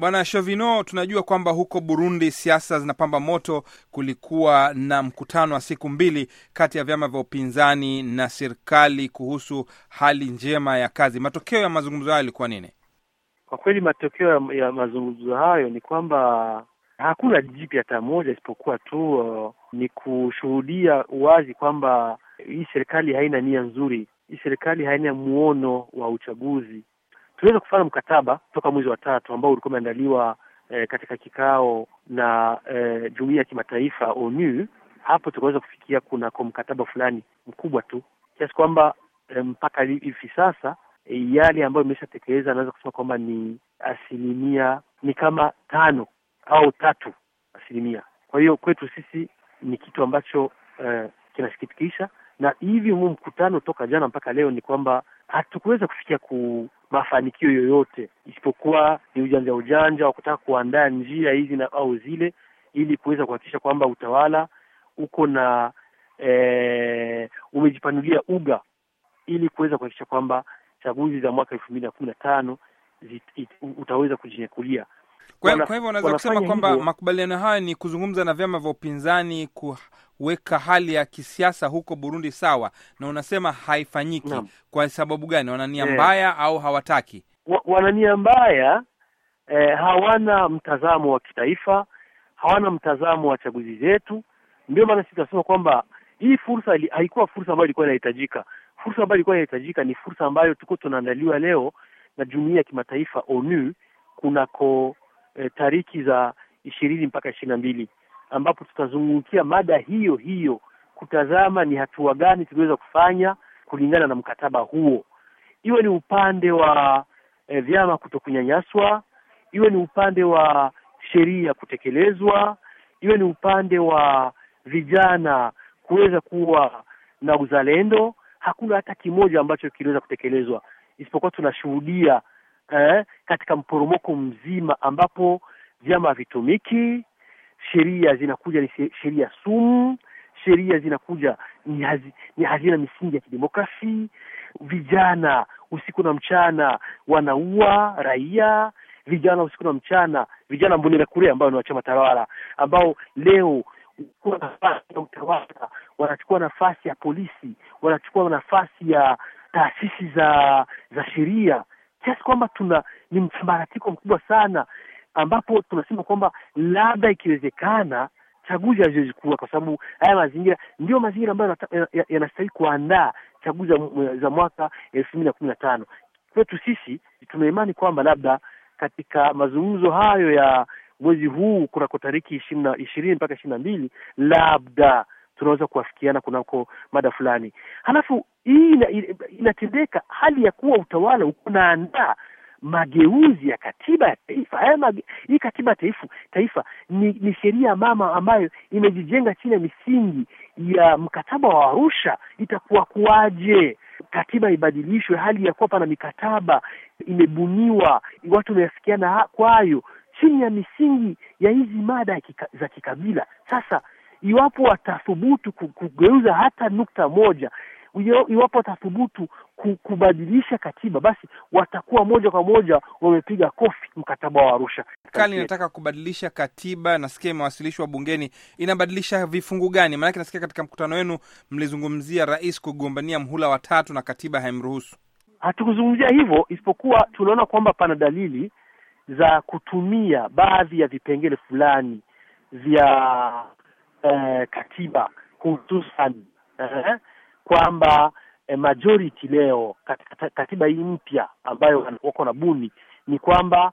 Bwana Shovino, tunajua kwamba huko Burundi siasa zinapamba moto. Kulikuwa na mkutano wa siku mbili kati ya vyama vya upinzani na serikali kuhusu hali njema ya kazi. Matokeo ya mazungumzo hayo yalikuwa nini? Kwa kweli, matokeo ya mazungumzo hayo ni kwamba hakuna jipi hata moja, isipokuwa tu uh, ni kushuhudia wazi kwamba hii serikali haina nia nzuri, hii serikali haina muono wa uchaguzi tuliweza kufanya mkataba toka mwezi wa tatu ambao ulikuwa umeandaliwa eh, katika kikao na eh, jumuiya ya kimataifa ONU. Hapo tukaweza kufikia kunako mkataba fulani mkubwa tu kiasi kwamba eh, mpaka hivi sasa eh, yale ambayo imeshatekeleza anaweza kusema kwamba ni asilimia ni kama tano au tatu asilimia. Kwa hiyo kwetu sisi ni kitu ambacho eh, kinasikitikisha na hivi huu mkutano toka jana mpaka leo ni kwamba hatukuweza kufikia ku mafanikio yoyote, isipokuwa ni ujanja ujanja wa kutaka kuandaa njia hizi na au zile, ili kuweza kuhakikisha kwamba utawala uko na e, umejipanulia uga ili kuweza kuhakikisha kwamba chaguzi za mwaka elfu mbili na kumi na tano utaweza kujinyakulia kwa hivyo unaweza kusema kwamba makubaliano haya ni kuzungumza na vyama vya upinzani kuweka hali ya kisiasa huko Burundi sawa, na unasema haifanyiki na. Kwa sababu gani? Wana nia eh. mbaya e, au hawataki? Wana nia mbaya e, hawana mtazamo wa kitaifa, hawana mtazamo wa chaguzi zetu. Ndio maana sisi tunasema kwamba hii fursa haikuwa fursa ambayo ilikuwa inahitajika. Fursa ambayo ilikuwa inahitajika ni fursa ambayo tuko tunaandaliwa leo na jumuiya ya kimataifa ONU kunako e, tariki za ishirini mpaka ishirini na mbili ambapo tutazungumzia mada hiyo hiyo, kutazama ni hatua gani tuliweza kufanya kulingana na mkataba huo, iwe ni upande wa e, vyama kunyanyaswa iwe ni upande wa sheria kutekelezwa, iwe ni upande wa vijana kuweza kuwa na uzalendo. Hakuna hata kimoja ambacho kiliweza kutekelezwa, isipokuwa tunashuhudia eh, katika mporomoko mzima ambapo vyama havitumiki, sheria zinakuja ni sheria sumu, sheria zinakuja ni, hazi, ni hazina misingi ya kidemokrasi. Vijana usiku na mchana wanaua raia, vijana usiku na mchana, vijana Mbonerakure ambao ni wa chama tawala ambao leo kuwa nafasi ya utawala wanachukua nafasi ya polisi, wanachukua nafasi ya taasisi za za sheria kiasi kwamba tuna ni msambaratiko mkubwa sana, ambapo tunasema kwamba labda ikiwezekana chaguzi haziwezi kuwa, kwa sababu haya mazingira ndiyo mazingira ambayo yanastahili kuandaa chaguzi za mwaka elfu mbili na kumi na tano. Kwetu sisi tunaimani kwamba labda katika mazungumzo hayo ya mwezi huu kunako tariki ishirini mpaka ishirini na mbili labda tunaweza kuafikiana kunako mada fulani. Halafu hii inatendeka hali ya kuwa utawala ukunaandaa mageuzi ya katiba ya taifa. Haya mage, hii katiba ya taifa taifa ni, ni sheria mama ambayo imejijenga chini ya misingi ya mkataba wa Arusha. Itakuwa kuwaje katiba ibadilishwe hali ya kuwa pana mikataba imebuniwa, watu wameafikiana kwayo chini ya misingi ya hizi mada kika, za kikabila sasa iwapo watathubutu kugeuza hata nukta moja iwapo watathubutu kubadilisha katiba basi watakuwa moja kwa moja wamepiga kofi mkataba wa Arusha. Serikali inataka kubadilisha katiba, nasikia imewasilishwa bungeni. Inabadilisha vifungu gani? Maanake nasikia katika mkutano wenu mlizungumzia rais kugombania mhula wa tatu na katiba haimruhusu. Hatukuzungumzia hivyo, isipokuwa tunaona kwamba pana dalili za kutumia baadhi ya vipengele fulani vya eh, katiba hususan eh, kwamba eh, majority leo katika katiba hii mpya ambayo wako na buni ni kwamba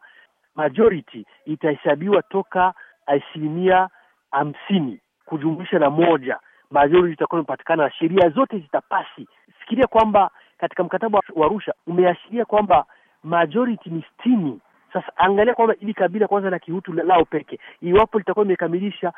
majority itahesabiwa toka asilimia hamsini kujumlisha na moja, majority itakuwa imepatikana na sheria zote zitapasi. Fikiria kwamba katika mkataba wa Arusha umeashiria kwamba majority ni sitini. Sasa angalia kwamba ili kabila kwanza la Kihutu lao peke, iwapo litakuwa imekamilisha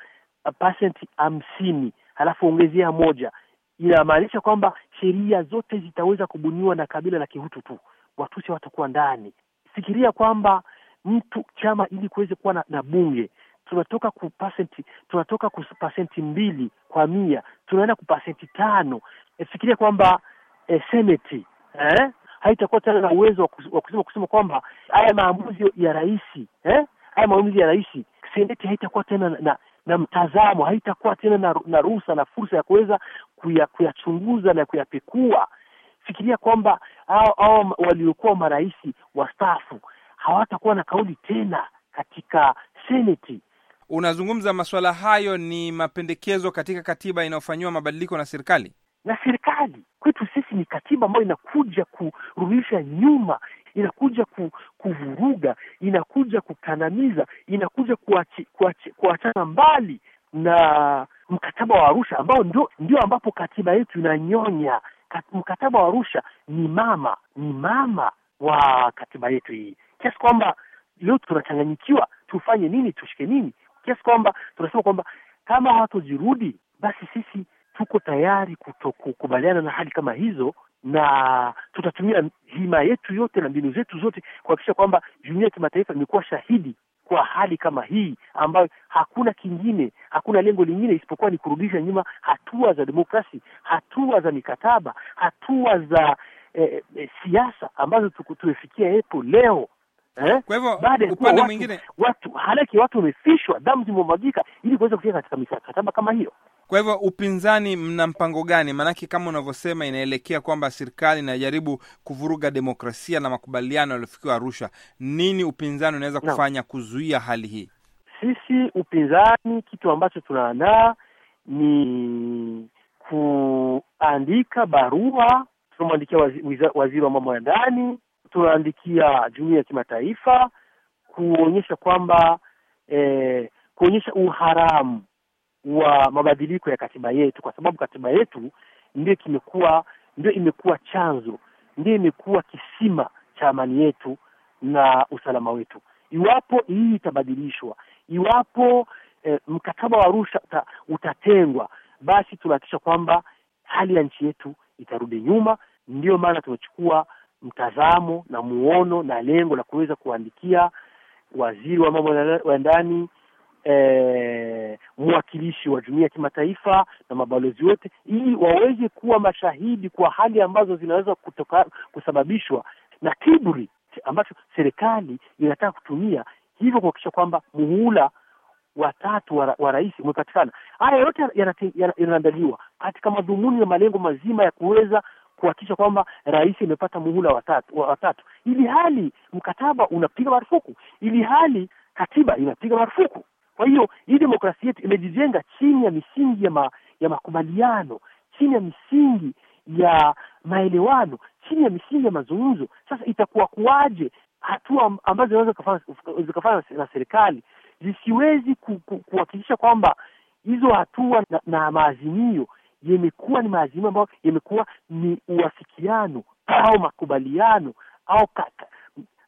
pasenti hamsini halafu ongezea moja, inamaanisha kwamba sheria zote zitaweza kubuniwa na kabila la Kihutu tu, Watusi watakuwa ndani. Fikiria kwamba mtu chama ili kuweze kuwa na, na bunge tunatoka ku pasenti tunatoka ku pasenti mbili kwa mia tunaenda ku pasenti tano. E, fikiria kwamba e, seneti eh, haitakuwa tena na uwezo wa kusema kusema kwamba haya maamuzi ya rahisi eh, haya maamuzi ya rahisi seneti haitakuwa tena na, na na mtazamo, haitakuwa tena na, na ruhusa na fursa ya kuweza kuyachunguza na kuyapekua. Fikiria kwamba hao waliokuwa marais wastaafu hawatakuwa na kauli tena katika seneti. Unazungumza masuala hayo ni mapendekezo katika katiba inayofanyiwa mabadiliko na serikali na serikali. Kwetu sisi ni katiba ambayo inakuja kurudisha nyuma inakuja ku, kuvuruga, inakuja kukandamiza, inakuja kuachana mbali na mkataba wa Arusha ambao ndio, ndio ambapo katiba yetu inanyonya. Kat, mkataba wa Arusha ni mama ni mama wa katiba yetu hii, kiasi kwamba leo tunachanganyikiwa, tufanye nini, tushike nini, kiasi kwamba tunasema kwamba kama hawatojirudi basi sisi tuko tayari kutokukubaliana na hali kama hizo na tutatumia hima yetu yote na mbinu zetu zote kuhakikisha kwamba jumuiya ya kimataifa imekuwa shahidi kwa hali kama hii ambayo hakuna kingine, hakuna lengo lingine isipokuwa ni kurudisha nyuma hatua za demokrasi, hatua za mikataba, hatua za eh, eh, siasa ambazo tumefikia hepo leo. Eh? Kwa hivyo upande mwingine watu, watu halaki watu wamefishwa, damu zimemwagika ili kuweza kufika katika mikataba kama hiyo. Kwa hivyo upinzani, mna mpango gani? Maanake kama unavyosema, inaelekea kwamba serikali inajaribu kuvuruga demokrasia na makubaliano yaliyofikiwa Arusha. Nini upinzani unaweza kufanya kuzuia hali hii? Sisi upinzani, kitu ambacho tunaandaa ni kuandika barua. Tunamwandikia waziri wa mambo ya ndani, tunaandikia jumuiya ya kimataifa kuonyesha kwamba eh, kuonyesha uharamu wa mabadiliko ya katiba yetu, kwa sababu katiba yetu ndio kimekuwa ndio imekuwa chanzo, ndio imekuwa kisima cha amani yetu na usalama wetu. Iwapo hii itabadilishwa, iwapo eh, mkataba wa Arusha uta, utatengwa, basi tunahakikisha kwamba hali ya nchi yetu itarudi nyuma. Ndiyo maana tumechukua mtazamo na muono na lengo la kuweza kuandikia waziri wa mambo ya ndani E, mwakilishi wa jumuia ya kimataifa na mabalozi wote ili waweze kuwa mashahidi kwa hali ambazo zinaweza kutoka, kusababishwa na kiburi ambacho serikali inataka kutumia, hivyo kuhakikisha kwamba muhula watatu wa, wa rais umepatikana. Haya yote yanaandaliwa katika madhumuni na malengo mazima ya kuweza kuhakikisha kwamba rais imepata muhula watatu, watatu, ili hali mkataba unapiga marufuku, ili hali katiba inapiga marufuku. Kwa hiyo hii demokrasia yetu imejijenga chini ya misingi ya, ma, ya makubaliano, chini ya misingi ya maelewano, chini ya misingi ya mazungumzo. Sasa itakuwa kuwaje hatua ambazo zinaweza zikafanywa na serikali zisiwezi ku, ku, kuhakikisha kwamba hizo hatua na, na maazimio yamekuwa ni maazimio ambayo yamekuwa ni uwafikiano au makubaliano au kaka,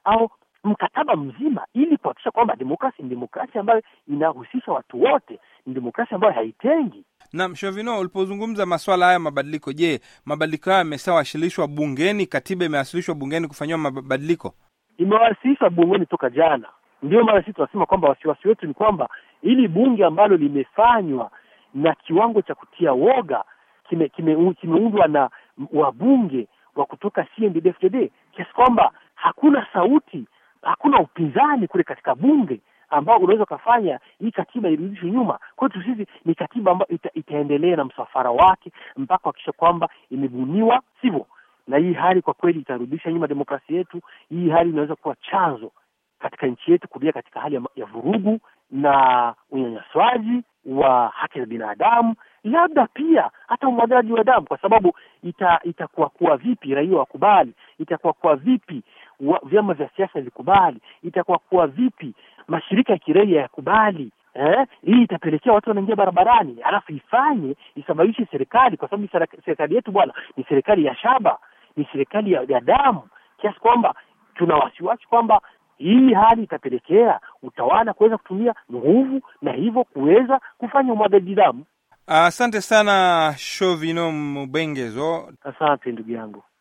au mkataba mzima ili kuhakikisha kwamba demokrasi ni demokrasi ambayo inahusisha watu wote, ni demokrasi ambayo haitengi. Naam, Shovino, ulipozungumza maswala haya mabadiliko, je, mabadiliko haya yamesawasilishwa bungeni? Katiba imewasilishwa bungeni kufanyiwa mabadiliko? Imewasilishwa bungeni toka jana. Ndiyo maana sisi tunasema kwamba wasiwasi wetu ni kwamba ili bunge ambalo limefanywa na kiwango cha kutia woga kimeundwa kime, kime na wabunge wa kutoka CNDD-FDD kiasi kwamba hakuna sauti hakuna upinzani kule katika bunge ambao unaweza ukafanya hii katiba irudishwe nyuma. hiyo sisi ni katiba ambayo ita, itaendelea na msafara wake mpaka kuhakikisha kwamba imebuniwa, sivyo? Na hii hali kwa kweli itarudisha nyuma demokrasia yetu. Hii hali inaweza kuwa chanzo katika nchi yetu kurudia katika hali ya, ya vurugu na unyanyaswaji wa haki za binadamu, labda pia hata umwagaji wa damu, kwa sababu itakuwa ita kuwa vipi raia wakubali, itakuwa kuwa vipi wa, vyama vya siasa vikubali, itakuwa kuwa vipi? Mashirika ya kiraia yakubali eh? Hii itapelekea watu wanaingia barabarani, alafu ifanye isababishe serikali, kwa sababu serikali yetu bwana ni serikali ya shaba, ni serikali ya, ya damu, kiasi kwamba tuna wasiwasi kwamba hii hali itapelekea utawala kuweza kutumia nguvu na hivyo kuweza kufanya umwagaji damu. Asante sana Shovino Mbengezo. Asante ndugu yangu.